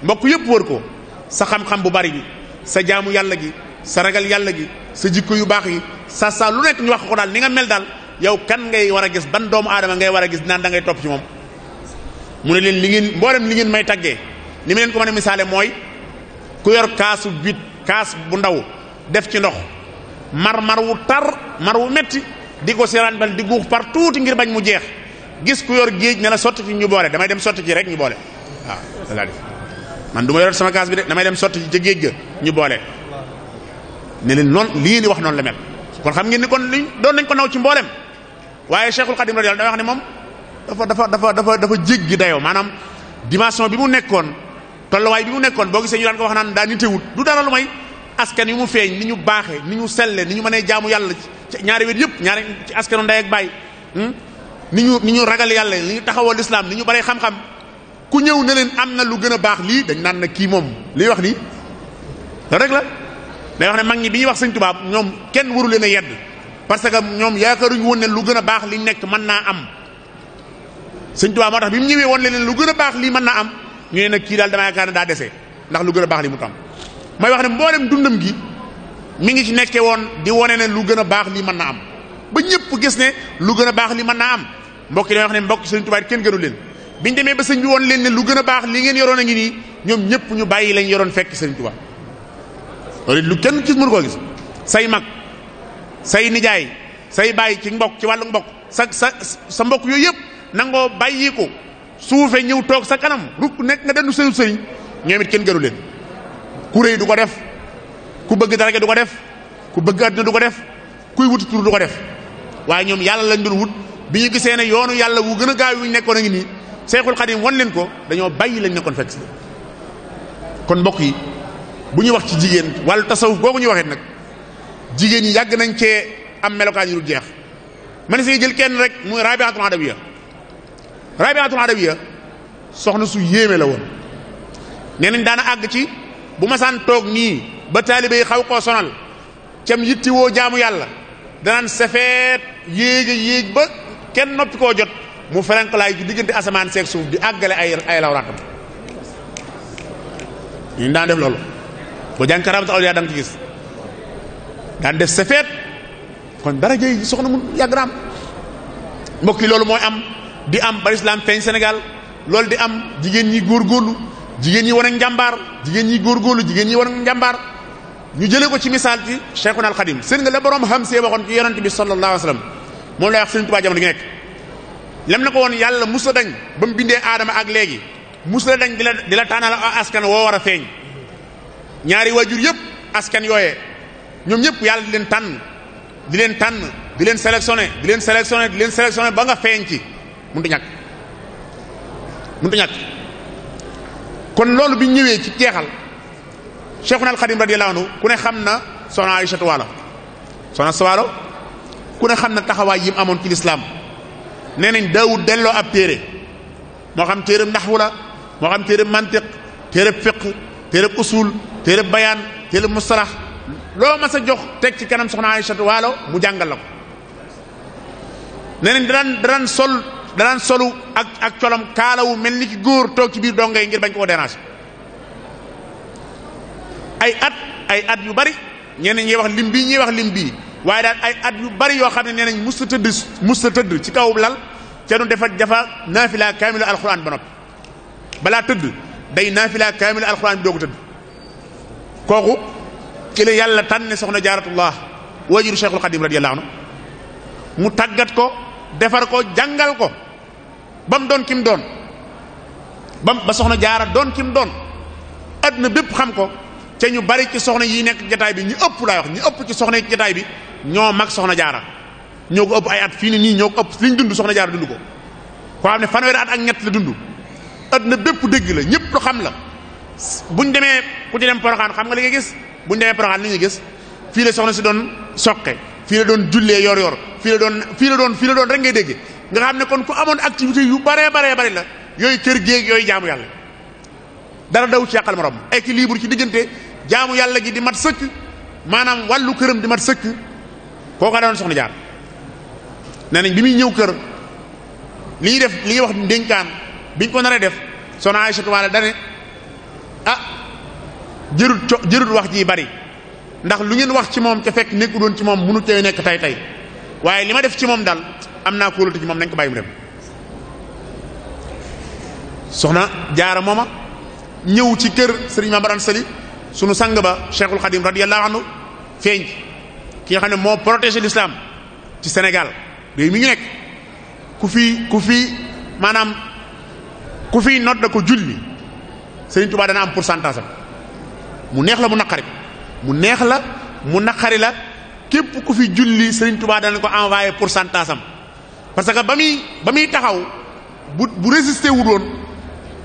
mbokk yëpp wër ko sa xam-xam bu bari bi sa jaamu yàlla gi sa ragal yàlla gi sa jikko yu baax yi sa sa lu nekk ñu wax ko daal ni nga mel daal yow kan ngay war a gis ban doomu aadama ngay war a gis naan da ngay topp ci moom mu ne leen li ngeen mboolem li ngeen may taggee ni mu ko mën a misaale mooy ku yor kaasu bit kaas bu ndaw def ci ndox mar mar wu tar mar wu metti di ko seeraan bal di guux par tuuti ngir bañ mu jeex gis ku géej ne la sotti ci ñu boole damay dem sotti ci rek ñu boole waaw man du ma yor sama kaas bi damay dem sotti ci géej ñu boole ne leen noonu li ngeen di wax noonu la mel kon xam ngeen ni kon liñ doon nañ ko naw ci mboolem waaye Cheikhul Khadim radiyallahu anhu wax ne moom dafa dafa dafa dafa dafa jéggi dayoo maanaam dimension bi mu nekkoon tolluwaay bi mu nekkoon boo gisee ñu daan ko wax naan daa nitewut du dara lu may askan yu mu feeñ ni ñu baaxee ni ñu selle ni ñu manee jaamu yàlla ci ñaari wet yëpp ñaari ci askanu ndey ak baay hmm? ni ñu ni ñu ragal yàlla ni ñu taxawal islam ni ñu baree xam-xam ku ñëw ne leen am na lu gën a baax lii dañ naan na kii moom liy wax nii loolu rek la day wax ne mag ñi bi ñuy wax sëñ tubaab ñoom kenn waru leen a yedd parce que ñoom yaakaaruñu woon ne lu gën a baax liñ nekk mën naa am sëñ Tuubaa moo tax bi mu ñëwee woon leneen lu gën a baax lii mën naa am ñu ne nag kii daal dama yaakaar ne daa dese ndax lu gën a baax lii mu tam may wax ne mboolem dundam gi mu ngi ci nekkee woon di wone ne lu gën a baax lii man naa am ba ñëpp gis ne lu gën a baax lii mën naa am mbokk yi wax ne mbokk sëñ Tuubaa kenn gënu leen bi biñu demee ba sëñ bi woon leen ne lu gën a baax li ngeen yoroon a ngi nii ñoom ñëpp ñu bàyyi lañ yoroon fekk sëñ Tuubaa loolu lu kenn gis mënu koo gis say mag say nijaay say bàyyi ci mbokk ci wàllu mbokk sa sa sa mbokk yooyu yëpp nangoo bàyyi ko suufe ñëw toog sa kanam rukk nekk nga dendu seen sëriñ ñoom it kenn gënu leen ku rëy du ko def ku bëgg darage du ko def ku bëgg àdduna du ko def kuy wuti tur du ko def waaye ñoom yàlla lañ doon wut bi ñu gisee ne yoonu yàlla wu gën a gaaw wu ñu nekkoon a ngi nii Seexul Xadim wan leen ko dañoo bàyyi lañ nekkoon fekk si kon mbokk yi bu ñuy wax ci jigéen wàllu tasawuf googu ñuy waxee nag jigéen ñi yàgg nañ cee am melokaan yu dul jeex man see jël kenn rek muy rabiatul adawiya rabiatul adawiya soxna su yéeme la woon nee nañ àgg ci bu masaan toog nii ba taalibe yi xaw koo sonal cam yitti yàlla danaan safeet yéega ba kenn noppi koo jot mu ferenk laay ci asamaan seeg suuf di àggale ay daan def loolu boo jàng karaamata awliya danga ci gis daan def safeet kon dara jëy soxna mu yàgg raam mbokk yi loolu mooy am di am ba lislaam feeñ Sénégal loolu di am jigéen ñi góor góorlu jigéen ñi wane njàmbaar jigéen ñi góor góorgóorlu jigéen ñi wane njàmbaar ñu jële ko ci misaal ci Cheikhuna al Xadim seen nga la borom xam see waxoon ci yonent bi sallallahu alayhi wa sallam moom lay wax Sëriñ Tuubaa nekk lem na ko woon yàlla musa dañ ba mu bindee aadama ak léegi musa dañ di la di a tànnal askan woo war a feeñ ñaari waajur yëpp askan yooye ñoom ñëpp yàlla di leen tànn di leen tànn di leen sélectionné di leen sélectionné di leen sélectionné ba nga feeñ ci mënut a ñàkk mënut a ñàkk kon loolu bi ñëwee ci jeexal Cheikhuna al Khadim radiyallahu anhu ku ne xam na soxna Aïchatu Waalo soxna Sawaalo ku ne xam na taxawaay yi amoon ci lislaam nee nañ daawud delloo ab téere moo xam téereb naxwu la moo xam téere mantiq téere fiq téereb usul téereb bayaan téereb mustalax loo mas a jox teg ci kanam soxna Aïchatu Waalo mu jàngal la ko nee nañ daan daan sol danaan solu ak ak colom kaalawu mel ni ki góor toog ci biir donga yi ngir bañ koo déranger ay at ay at yu bari ñeneen ñuy wax lim bii ñuy wax lim bii waaye daal ay at yu bari yoo xam ne nee nañ musta tëdd musta tëdd ci kaw lal ca defar jafa naafila kaamilu alxuraan ba noppi balaa tëdd day naafila kaamilu alxuraan bi doo ko tëdd kooku ki la yàlla tànne soxna jaaratullah waajuru cheikhul xadim radiyallahu anhu mu tàggat ko defar ko jàngal ko ba doon kim doon ba ba soxna jaara doon kim doon àdduna bépp xam ko te ñu bari ci soxna yi nekk jataay bi ñu ëpp laay ñu ëpp ci soxna yi bi ñoo mag soxna jaara ñoo ko ëpp ay at fii ni nii ñoo ko ëpp liñ dund soxna jaara dund ko koo xam ne fanweeri at ak ñett la dund àdduna bépp dégg la ñëpp xam la buñ demee ku ci dem poroxaan xam nga li gis buñ demee poroxaan li nga gis fii la soxna si doon soqe fii la doon jullee yor yor fii la doon fii la doon fii la doon rek ngay dégg nga xam ne kon ku amoon activité yu bare baree bari la yooyu kër géeg yooyu jaamu yàlla dara daw ci yàqal morom équilibre ci diggante jaamu yàlla gi di mat sëkk maanaam wàllu këram di mat sëkk koo doon soxna jaar nee nañ bi muy ñëw kër li ñuy def li ñuy wax ndénkaan biñ ko naree def soxna Aïcha wala dane ah jërut jërut wax ji bari ndax lu ngeen wax ci moom ca fekk nekku doon ci moom munu tey nekk tey tey waaye li ma def ci moom daal am naa kóolute ci moom nañ ko bàyyi mu dem soxna jaara mooma ñëw ci kër sëriñ Mambaran Sali sunu sang ba Cheikhul Khadim radiyallahu anhu feeñ ki nga xam ne moo protégé l'islam ci Sénégal réew mi ñu nekk ku fi ku fi maanaam ku fi noot ko julli Sëriñ Tuubaa dana am pour santasam mu neex la mu naqari mu neex la mu naqari la képp ku fi julli Sëriñ Tuubaa dana ko envoyé pour am parce que ba muy ba muy taxaw bu bu résister wul woon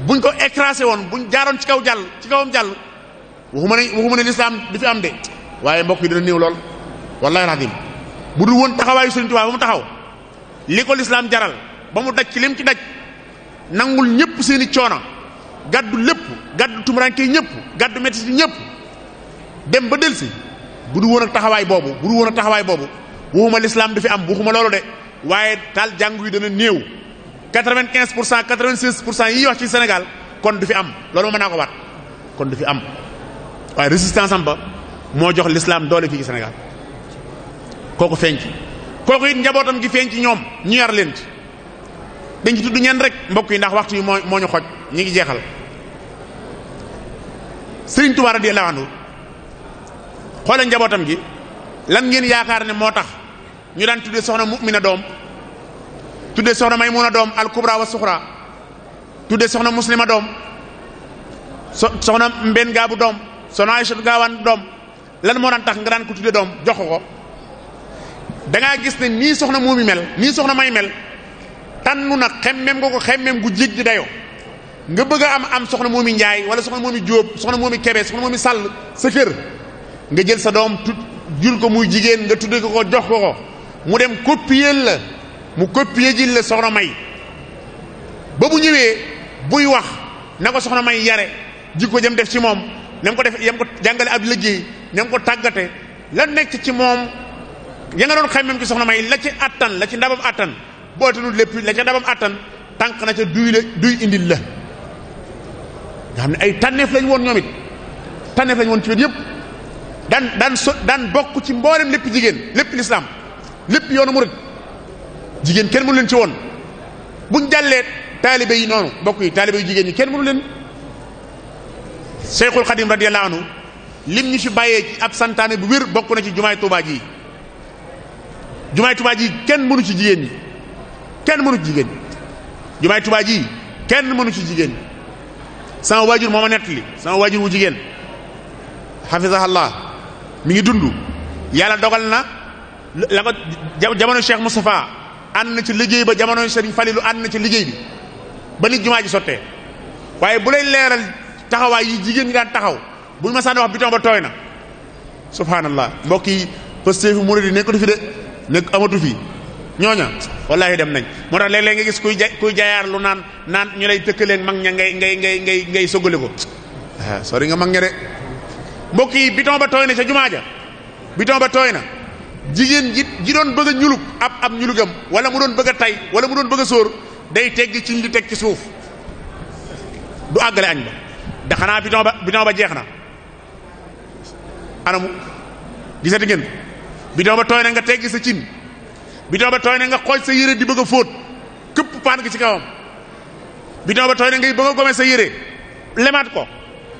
buñ ko écrasé woon buñ jaaroon ci kaw jàll ci kawam jàll waxuma ne waxuma ne lislaam di fi am de waaye mbokk yi dina néew lool wallahi alazim bu dul woon taxawaayu Sëriñ Tuubaa ba mu taxaw li ko lislaam jaral ba mu daj ci lim ci daj nangul ñëpp seeni coona gàddu lépp gàddu tumuraanke ñëpp gàddu métti si ñëpp dem ba delsi bu dul woon ak taxawaay boobu bu dul woon ak taxawaay boobu waxuma lislaam du fi am waxuma loolu de waaye taal jàngu yi dana néew quatre vingt pour cent quatre-vingt-seize pour cent yi wax ci Sénégal kon du fi am loolu ma mën a ko waat kon du fi am waaye résistance am ba moo jox lislaam doole fii ci Sénégal kooku feeñ ci kooku it njabootam gi feeñ ci ñoom ñu yar leen ci dañ ci tudd ñenn rek mbokk yi ndax waxtu yi moo moo ñu xoj ñu ngi jeexal Sëriñ a radiyallaahu anhu xoole njabootam gi lan ngeen yaakaar ne moo tax ñu daan tuddee soxna mu'mina doom tuddee soxna may maymuna doom alkubra wa suxra tuddee soxna muslima doom so soxna mbenn gaabu doom soxna aysa gaawaan doom lan moo daan tax nga daan ko doom jox ko da ngaa gis ne nii soxna muumi mel nii soxna may mel tànnu na xemmem nga ko xemmem gu jéggi dayo nga bëgg am am soxna moomi njaay wala soxna moomi jóob soxna moomi kebe soxna moomi sàll sa nga jël sa doom tu jul ko muy jigéen nga tudde ko ko jox ko ko mu dem copier la mu copier ji la soxna may ba mu ñëwee buy wax na ko soxna may yare jikko jam def ci moom na ko def yam ko jàngale ab liggéey na ko tàggate la nekk ci moom ya nga doon xayma soxna may la attan la ci ndabam attan boo tanul lépp la ca ndabam attan tànk na ca duy indil la nga xam ne ay tànneef lañ woon ñoom it tànneef lañ woon ci wet yëpp dan daan daan bokk ci mboolem lépp jigéen lépp lislaam lépp yoonu murid jigéen kenn mënu leen ci woon buñ jàllee taalibe yi noonu mbokk yi taalibe yu jigéen ñi kenn mënu leen Cheikhul Khadim radiyallahu anhu lim ñu ci bàyyee ci ab santaane bu wér bokk na ci jumaay Tuubaa ji jumaay Tuubaa ji kenn mënu ci jigéen ñi kenn mënu jigéen ñi jumaay Tuubaa ji kenn mënu ci jigéen ñi sama waajur moo ma nettali sama waajur wu jigéen hafizahallah mi ngi dund yàlla dogal la ko jamono Cheikh Moustapha ànd na ci liggéey ba jamono Serigne Falilou ànd na ci liggéey bi ba nit jumaa ji sottee waaye bu lay leeral taxawaay yi jigéen ñi daan taxaw buñ ma sànni wax biton ba tooy na subhanallah mbokk yi pëstee fi murid yi nekkatu fi de nekk amatu fi ñooña wallahi dem nañ moo tax nga gis kuy ja kuy lu naan naan ñu lay tëkkaleen mag ña ngay ngay ngay ngay ngay sogale ko ah, nga mag ña de mbokk yi biton ba tooy na ca jumaa ja biton ba tooy na jigéen ji ji doon bëgg a ñulug ab ab ñulugam wala mu doon bëgg a tay wala mu doon bëgg a sóor day tegg ci li teg ci suuf du àggale añ ba da xanaa bidon ba bidon ba jeex na anamu gisati ngeen bidon ba tooy nga tegg sa cin bidon ba tooy na nga xooj sa yére di bëgg a fóot këpp paan gi ci kawam bidon ba tooy na ngay bëgg a gome sa yére lemaat ko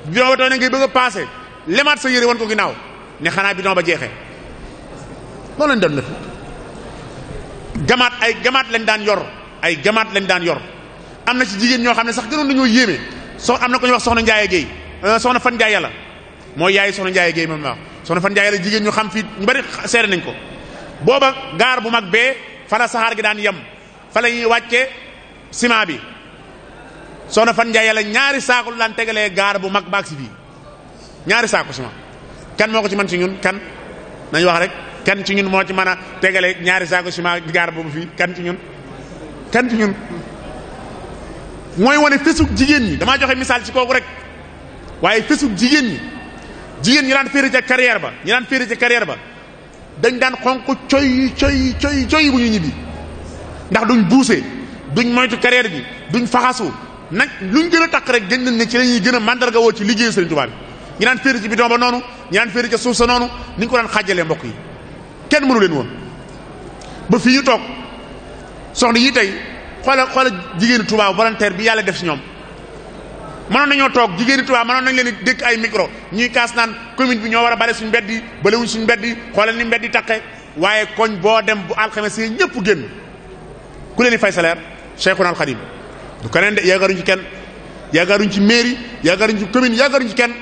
bidon ba tooy na ngay bëgg a paase lemaat sa yére wan ko ginnaaw ne xanaa bidon ba jeexee loolu lañ doon ay gamaat lañ daan yor ay gamaat lañ daan yor am na ci jigéen ñoo xam ne sax gënoon nañoo yéeme so am na ko ñuy wax soxna Ndiaye Guèye euh, soxna fan Ndiaye la mooy yaay soxna Ndiaye Guèye moom la soxna fan Ndiaye la jigéen ñu xam fii ñu bari seere nañ ko booba gaar bu mag bee fa la saxaar gi daan yem fa la ñuy wàcce ciment bi soxna fan Ndiaye la ñaari saako lu daan tegalee gaar bu mag baag si fii ñaari saako ciment kan moo ko ci mën ci ñun kan nañ wax rek. kenn ci ñun moo ci mën a tegale ñaari saako ciment di gaar boobu fii kan ci ñun kan ci ñun mooy wane fesug jigéen ñi damaa joxe misaal ci kooku rek waaye fesug jigéen ñi jigéen ñi daan féeri ca carrière ba ñi daan féeri ba dañ daan xonq coy coy coy coy bu ñu ñibbi ndax duñ buuse duñ moytu carrière bi duñ faxasu nag luñ gën a takk rek gën nañ ne ci la ñuy gën a mandarga woo ci liggéeyu Sëriñ Tuubaa bi ñi daan féeri ci bidon noonu ñi daan féeri ca suuf noonu ni ñu ko daan xàjjalee mbokk yi kenn mënu leen woon ba fii ñu toog soxna yi tey xoola xoola jigéenu Tuubaa volontaire bi yàlla def si ñoom mënoon nañoo toog jigéeni Tuubaa mënoon nañ leen dékk ay micro ñuy kaas naan commune bi ñoo war a bale suñu mbedd yi balewuñ suñu mbedd yi xoolal ni mbedd yi taqe waaye koñ boo dem bu alxames yi ñëpp génn ku leen di fay salaire Cheikhuna al Khadim du keneen de yaakaaruñ ci kenn yaakaaruñ ci mairie yaakaaruñ ci kenn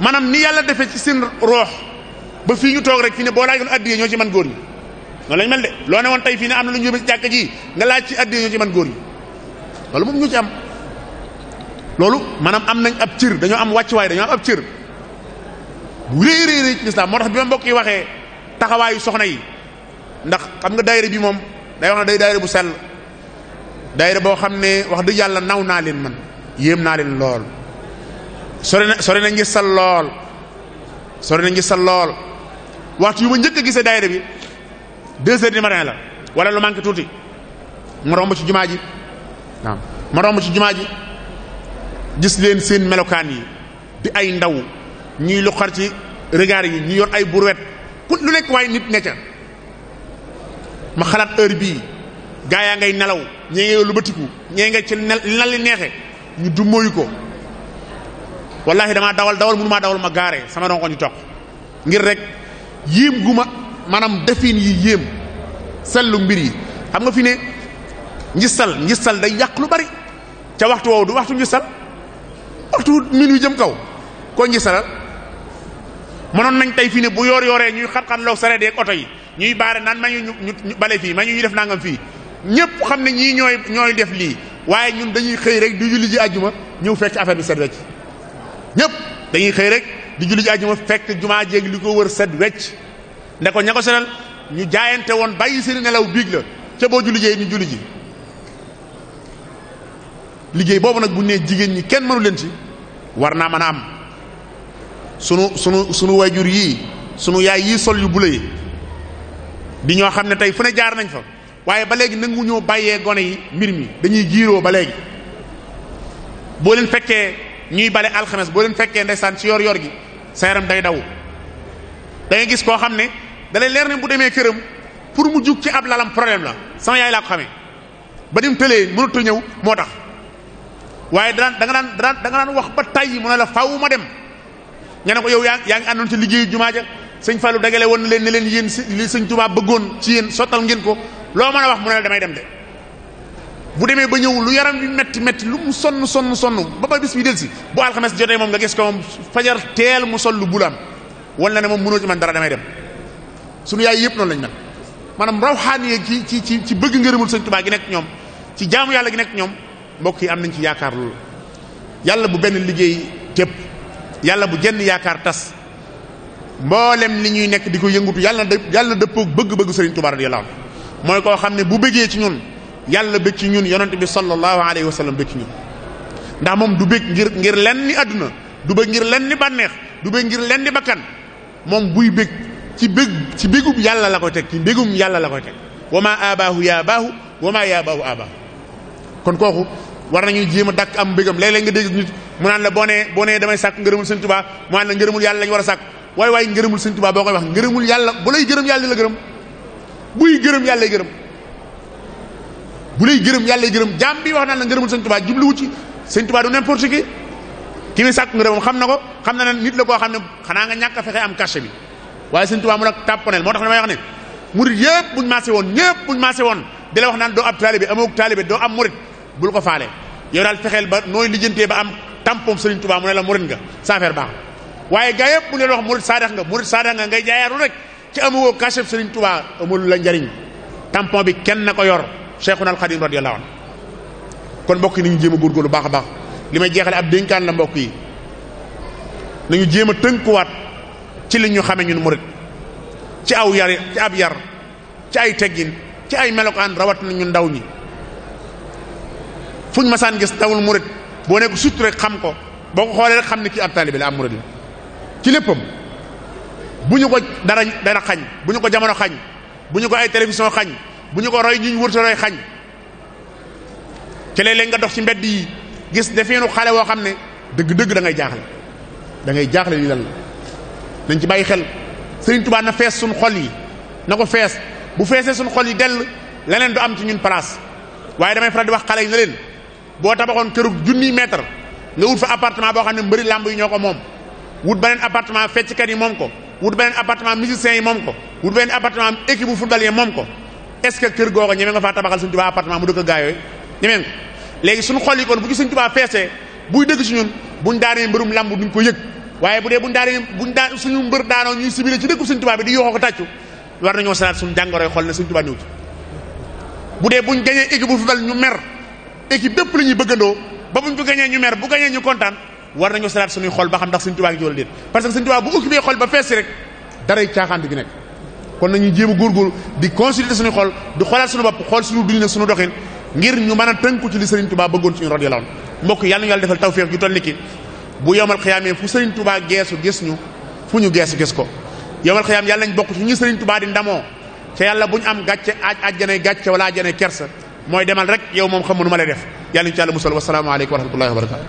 maanaam ni yàlla defee ci seen roox ba fii ñu toog rek fi ne boo laajoon addiye ñoo ci man góor ñi noonu lañ mel de loo woon tey fii ne am na lu ñu ci ji nga laaj ci addiye ñoo ci man góor ñi loolu moom ñu ci am loolu maanaam am nañ ab cër dañoo am wàccuwaay dañoo am ab cër bu réy réy réy ci lislaam moo tax bi ma mbokk yi waxee taxawaayu soxna yi ndax xam nga daayira bi moom day wax ne day daayira bu sel daayira boo xam ne wax dëgg yàlla naw naa leen man yéem naa leen lool sore na sore na ngi sal lool sore na ngi sal lool waxtu yu ma njëkk a gisee daayira bi deux heures du matin la wala lu manqué tuuti ma romb ci jumaa ji waaw jumaa ji gis leen seen melokaan yi di ay ndaw ñuy lu ci regard yi ñu yor ay brouette ku lu nekk waaye nit ne ma xalaat heure bii gaa yaa ngay nelaw ñee ngay lu batiku ñee nga ci nal li neexe ñu du ko wallahi dama dawal dawal mënu maa dawal ma gaare sama donko ñu toog ngir rek yéem guma ma maanaam defin yi yéem sellu mbir yi xam nga fi ne njistal njistal day yàq lu bari ca waxtu woowu du waxtu njistal waxtu min wi jëm kaw koo njistalal mënoon nañ tey fi ne bu yoor yooree ñuy xat-xat loog sareet yeeg oto yi ñuy baare naan mañu ñu bale fii mañu ñu def nangam fii ñépp xam ne ñii ñooy ñooy def lii waaye ñun dañuy xëy rek di julli ji àjjuma ñëw fekk affaire bi set rek ñépp dañuy xëy rek di julli ji àjjuma fekk jumaa jéeg li ko wër set wecc ne ko ña ñu jaayante woon bàyyi seen nelaw biij la ca boo julli jee ñu julli ji liggéey boobu nag bu nee jigéen ñi kenn mënu leen ci war naa mën a am sunu sunu sunu jur yii sunu yaay yii sol yu bula yi di ñoo xam ne tey fu ne jaar nañ fa waaye ba léegi nangu ñoo bayee gone yi mbir mi dañuy giiroo ba léegi boo leen fekkee ñuy bale alxames boo leen fekkee ndeysaan ci yor yor gi sa yaram day daw da gis koo xam ne da leer ne bu demee këram pour mu jug ci ab lalam problème la sama yaay laa ko xamee ba ni mu tëlee mënut ñëw moo tax waaye da daan da daan da nga daan wax ba tàyyi mu ne la faaw ma dem nga ne ko yow yaa yaa ngi àndoon ci liggéeyu jumaa ja sëñ Fallou dagale woon na leen ni leen yéen si li sëñ Tuubaa bëggoon ci yéen sottal ngeen ko loo mën a wax mu ne la damay dem de. bu demee ba ñëw lu yaram bi metti metti lu mu sonn sonn sonn ba ba bis bi del si bu alxames jotee moom nga gis ko moom fajar teel mu sol lu bulaam wal na ne moom mënoo ci man dara damay dem sunu yaay yëpp noonu lañ mel maanaam rawxaani yeeg ci ci ci ci bëgg ngërëmul sëñ Tuubaa gi nekk ñoom ci jaamu yàlla gi nekk ñoom mbokk yi am nañ ci yaakaar loolu yàlla bu benn liggéey tépp yàlla bu jenn yaakaar tas mboolem li ñuy nekk di ko yëngutu yàlla na yàlla na dëppoo bëgg-bëgg sëriñ Tuubaa radiyallaahu mooy koo xam ne bu bëggee ci ñun yàlla bëgg ci ñun yonent bi sallallahu alayhi wa sallam ci ñun ndax moom du bëgg ngir ngir lenn ni àdduna du bëgg ngir lenn ni bànneex du bëgg ngir lenn ni bakkan moom buy bëgg ci bëgg ci bëggum yàlla la koy teg ci bëggum yàlla la koy teg wama abaahu yaa baahu wama yaa baahu abaahu kon kooku war nañuy jéem a dàkk am bëggam léeg-léeg nga dégg nit mu naan la boo nee boo nee damay sàkk ngërëmul sëñ tubaa mu naan la ngërëmul yàlla lañ war a sàkk waay waay ngërëmul sëñ tubaa boo koy wax ngërëmul yàlla bu lay gërëm yàlla la gërëm buy gërëm yàlla gërëm bu lay gërëm yàlla lay gërëm jaam bi wax naan la ngërëmul sëñ tubaa jubluwu ci sëñ tubaa du n'importe qui ki muy sàkku ngërëmam xam na ko xam na ne nit la koo xam ne xanaa nga ñàkk a am cachet bi waaye sëñ tubaa mu nag tàppaneel moo tax damay wax yëpp buñ maase woon ñëpp buñ maase woon di la wax naan doo ab taalibe amoog taalibe doo am murit bul ko faale fexeel ba nooy lijjantee ba am tampom sëriñ tubaa mu ne la murit nga sa affaire baax waaye gaa yëpp bu leen wax murit saadax nga murit saadax nga ngay jaayaaru rek ci amoo cachet sëriñ tubaa la njariñ tampon bi kenn na ko yor Cheikhuna al Xadim radiyallahu kon mbokk yi nañu jéem a góorgóorlu baax a baax li may jeexale ab dénkaan la mbokk yi nañu jéem a tënkuwaat ci li ñu xamee ñun murit ci aw yar ci ab yar ci ay teggin ci ay melokaan rawat na ndaw ñi fuñ masaan gis dawul murit boo nekk sut rek xam ko boo ko xoolee rek xam ne kii ab taalibe la am murit la ci léppam bu ñu ko dara dara xañ bu ñu ko jamono xañ bu ñu ko ay télévision xañ bu ñu ko roy ñu ñu wërta roy xañ ci léeg nga dox ci mbedd yi gis defeenu xale woo xam ne dëgg-dëgg da ngay jaaxle dangay jaaxle lii lan la nañ ci bàyyi xel Sëriñ Tuubaa na fees suñ xol yi na ko fees bu feesee suñ xol yi dell leneen du am ci ñun place waaye damay faral di wax xale yi na leen boo tabaxoon kërug junniy mètre nga wut fa appartement boo xam ne mbëri làmb yi ñoo ko moom wut beneen appartement fecckat yi moom ko wut beneen appartement musicien yi moom ko wut beneen appartement équipe bu football yi moom ko est ce que kër googa ñeme nga faa tabaxal Sëñ Tuubaa appartement mu dëkk gaa yooyu ñeme nga léegi suñu xol yi kon bu ci Sëñ waaye bu dee buñ daanee buñ daan suñu mbër daanoo ñuy sibile ci dëkku Sëñ Tuubaa bi di yoxoo ko tàccu war nañoo salaat suñu jàngoroy xol ne Sëñ Tuubaa ñëw ci bu dee gañee équipe bu football ñu mer équipe bépp la ñuy bëggandoo ba buñ ko gañee ñu mer bu gañee ñu kontaan war nañoo salaat suñuy xol ba xam ndax Sëñ Tuubaa ngi jola déet parce que Sëñ Tuubaa bu occupé xol kon nañu jéem a góorgóorlu di consulter suñu xol di xoolaat suñu bopp xool suñu dund nag suñu doxin ngir ñu mën a tënku ci li Serigne Touba bëggoon ci ñu radiyallahu anhu mbokk yàlla ñu yàlla defal tawfeex ju toll ni ki bu yowmal xiyaamee fu Serigne Touba geesu gis ñu fu ñu geesu gis ko yowmal xiyaam yàlla nañ bokk ci ñi Serigne di ndamoo ca yàlla bu ñu am gàcce aaj ajjanay gàcce wala ajjanay kersa mooy demal rek yow moom xam nu ma lay def yàlla ñu ci yàlla musal wasalaamaaleykum wa rahmatullahi wa barakatu